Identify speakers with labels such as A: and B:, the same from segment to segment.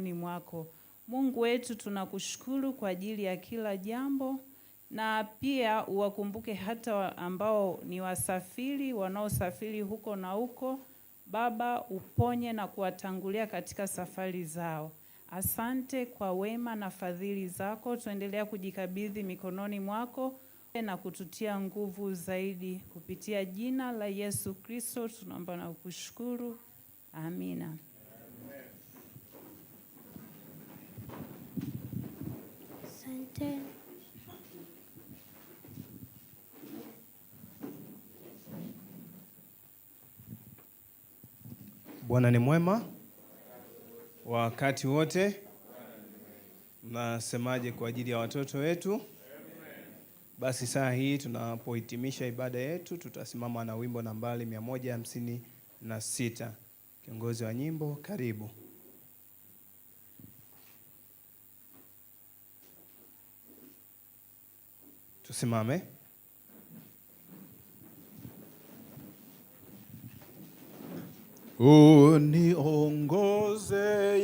A: mikononi mwako. Mungu wetu, tunakushukuru kwa ajili ya kila jambo, na pia uwakumbuke hata ambao ni wasafiri wanaosafiri huko na huko. Baba, uponye na kuwatangulia katika safari zao. Asante kwa wema na fadhili zako, tuendelea kujikabidhi mikononi mwako na kututia nguvu zaidi kupitia jina la Yesu Kristo tunaomba na kukushukuru. Amina. Asante.
B: Bwana ni mwema wakati wote. Mnasemaje kwa ajili ya watoto wetu? Basi saa hii tunapohitimisha ibada yetu, tutasimama na wimbo nambari 156. Kiongozi wa nyimbo, karibu. Tusimame. Uniongoze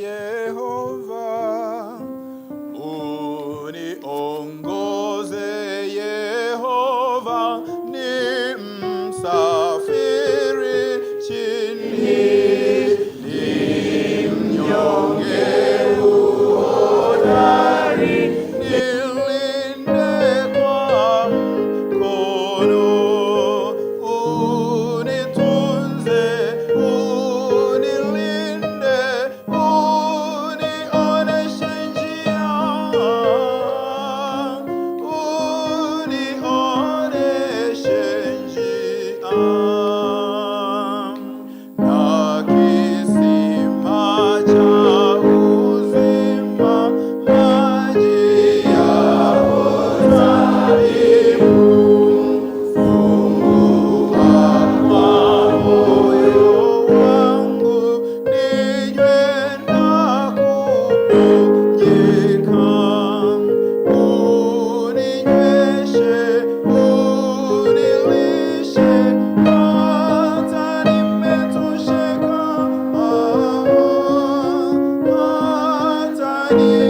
B: Hare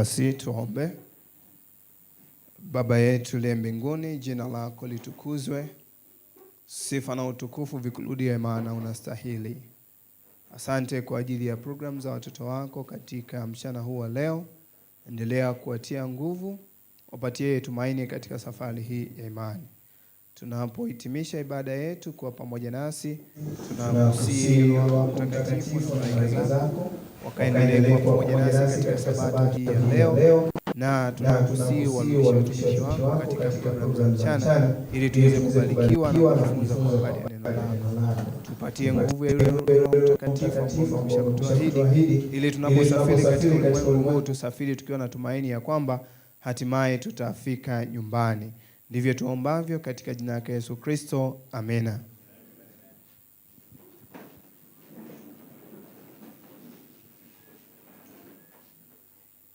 B: Basi tuombe. Baba yetu liye mbinguni, jina lako litukuzwe, sifa na utukufu vikurudie, maana unastahili. Asante kwa ajili ya programu za watoto wako katika mchana huu wa leo. Endelea kuwatia nguvu, wapatie tumaini katika safari hii ya imani. Tunapohitimisha ibada yetu kwa pamoja nasi, tunamsihi Roho Mtakatifu malaika zako wakaendelee kuwa pamoja nasi katika sabato hii ya leo, na tunakusii uwatumishi watumishi wako katika programu za mchana, ili tuweze kubarikiwa na kujifunza kwa habari ya neno lako. Tupatie nguvu ya yule Roho Mtakatifu ambao umeshatuahidi, ili tunaposafiri katika ulimwengu huu tusafiri tukiwa na tumaini ya kwamba hatimaye tutafika nyumbani. Ndivyo tuombavyo katika jina lake Yesu Kristo, amena.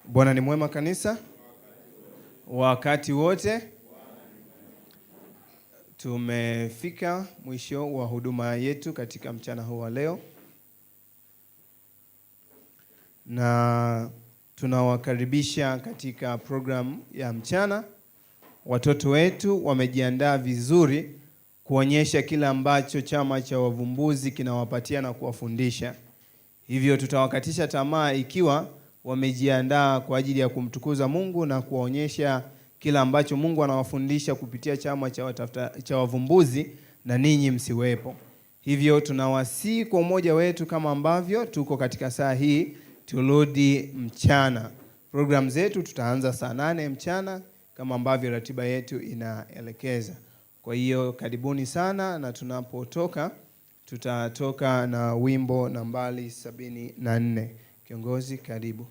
B: Bwana ni mwema kanisa, wakati wote. Tumefika mwisho wa huduma yetu katika mchana huu wa leo, na tunawakaribisha katika programu ya mchana watoto wetu wamejiandaa vizuri kuonyesha kila ambacho chama cha wavumbuzi kinawapatia na kuwafundisha. Hivyo tutawakatisha tamaa ikiwa wamejiandaa kwa ajili ya kumtukuza Mungu na kuwaonyesha kila ambacho Mungu anawafundisha kupitia chama cha watafuta, cha wavumbuzi na ninyi msiwepo. Hivyo tunawasihi kwa umoja wetu kama ambavyo tuko katika saa hii turudi mchana. Programu zetu tutaanza saa nane mchana kama ambavyo ratiba yetu inaelekeza. Kwa hiyo karibuni sana, na tunapotoka tutatoka na wimbo nambari sabini na nne. Kiongozi, karibu.